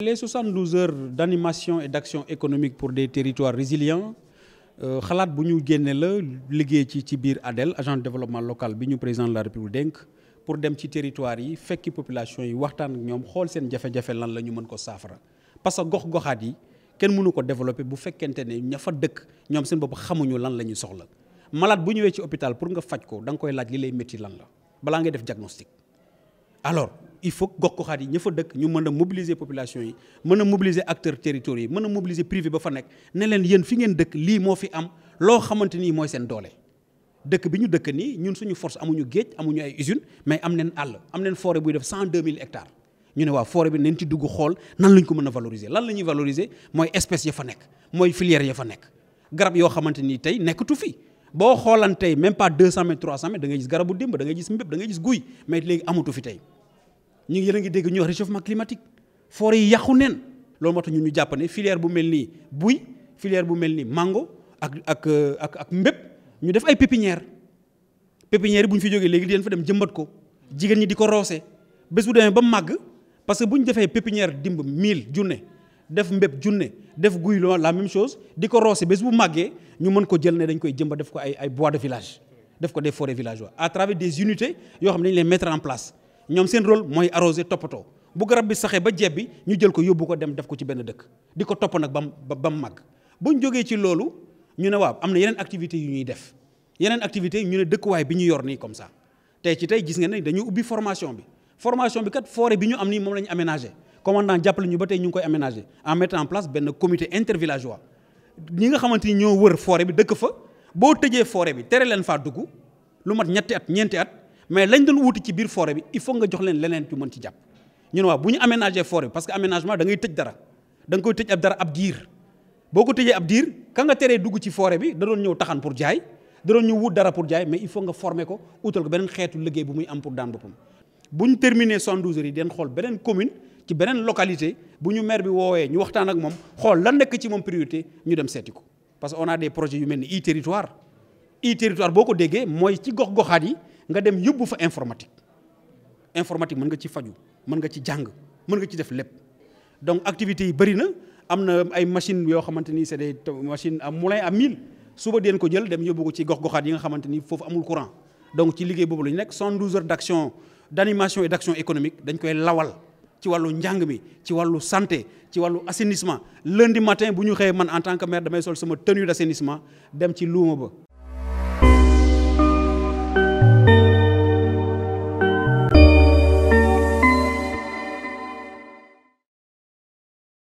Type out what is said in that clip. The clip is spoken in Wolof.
Les 72 heures d'animation et d'action économique pour des territoires résilients euh, xalaat bu ñu génne la liggéey ci ci biir ADEL agent de développement local bi ñu président de la République dénk pour dem ci territoire yi fekki population yi waxtaan ak ñoom xool seen jafe-jafe lan la ñu mën ko saafara parce que gox-goxaat yi kenn mënu ko développer bu fekkente ne ña fa dëkk ñoom seen bopp xamuñu lan la ñuy soxla malaat bu ñëwee ci hôpital pour nga faj ko danga koy laaj li lan la balaa ngay def diagnostic alors il faut gox goxaat yi ña fa dëkk ñu mën a mobiliser population yi mën a mobiliser acteurs territoriaux yi mën a mobiliser privé ba fa nekk ne leen yéen fi ngeen dëkk lii moo fi am loo xamante nii mooy seen doole dëkk bi ñu dëkk nii ñun suñu force amuñu géej amuñu ay usine mais am neen àll am neen forêt buy def cent deux mille hectares ñu ne waaw forêt bi nañ ci dugg xool nan lañ ko mën a valoriser lan la ñuy valoriser mooy espèce ya fa nekk mooy filière ya fa nekk garab yoo xamante nii tey nekkatu fi boo xoolan tey même pas deux cent mètres trois cent garabu démb da ngay gis mbéb da ngay gis guy mais léegi amatu fi tey ñu ngi yéen a ngi dégg ñu wax réchauffement climatique forêt yi yàqu neen loolu moo tax ñun ñu jàpp ne filière bu mel nii buy filière bu mel nii mango ak ak euh, ak ak mbépp ñu def ay pépinière pépinière yi bu ñu fi jógee léegi di leen fa dem jëmbat ko jigéen ñi di ko roose bés bu demee ba màgg parce que bu ñu defee pépinière dimb mille junne def mbépp junne def guy loo la même chose di ko roose bés bu màggee ñu mën ko jël ne dañ koy jëmbat def ko ay ay bois de village def ko des forêts villageois à travers des unités yoo xam ne dañu leen mettre en place ñoom seen rôle mooy arroser toppatoo bu garab bi saxee ba jeeb bi ñu jël ko yóbbu ko dem def ko ci benn dëkk di ko topp nag ba mu ba mu màgg bu ñu jógee ci loolu ñu ne waaw am na yeneen activités yu ñuy def yeneen activités ñu ne dëkkuwaay bi ñu yor nii comme sax tey ci tey gis nga ne dañu ubbi formation bi formation bi kat fore bi ñu am nii moom la ñu aménagé commandant jàppale ñu ba tey ñu ngi koy aménagé en mettant en place benn comité intervillageois ñi nga xamante ni ñoo wër forêt bi dëkk fa boo tëjee forêt bi tere leen faa dugg lu mat ñetti at ñeenti at mais lañ doon wuti ci biir forêt bi il faut nga jox leen leneen yu mën ci jàpp ñu ne waaw bu ñu aménagé forêt bi parce que aménagement ngay tëj dara da nga koy tëj ab dara ab diir boo ko tëjee ab diir ka nga teree dugg ci foore bi da doon ñëw taxan pour jaay da doon ñëw wut dara pour jaay mais il faut nga former ko utal ko beneen xeetu liggéey bu muy am pour daan boppam bu ñu terminé 72 heures yi den xool beneen commune ci beneen localité bu ñu maire bi woowee ñu waxtaan ak moom xool lan nekk ci moom priorité ñu dem seeti ko parce que on des projets yu mel ni i territoire i boo ko déggee mooy ci gox goxaat yi nga dem yóbbu fa informatique informatique mën nga ci faju mën nga ci jàng mën nga ci def lépp donc activité yi bëri na am na ay machine yoo xamante ni c'est des machines à moulin à mille suba deen ko jël dem yóbbu ko ci gox-goxaat yi nga xamante ni foofu amul courant donc ci liggéey boobu la ñu nekk 112 heures d'action d'animation et d'action économique dañ koy lawal ci wàllu njàng mi ci wàllu santé ci wàllu assainissement lundi matin bu ñu xëyee man en tant que maire damay sol sama tenue d'assainissement dem ci luuma ba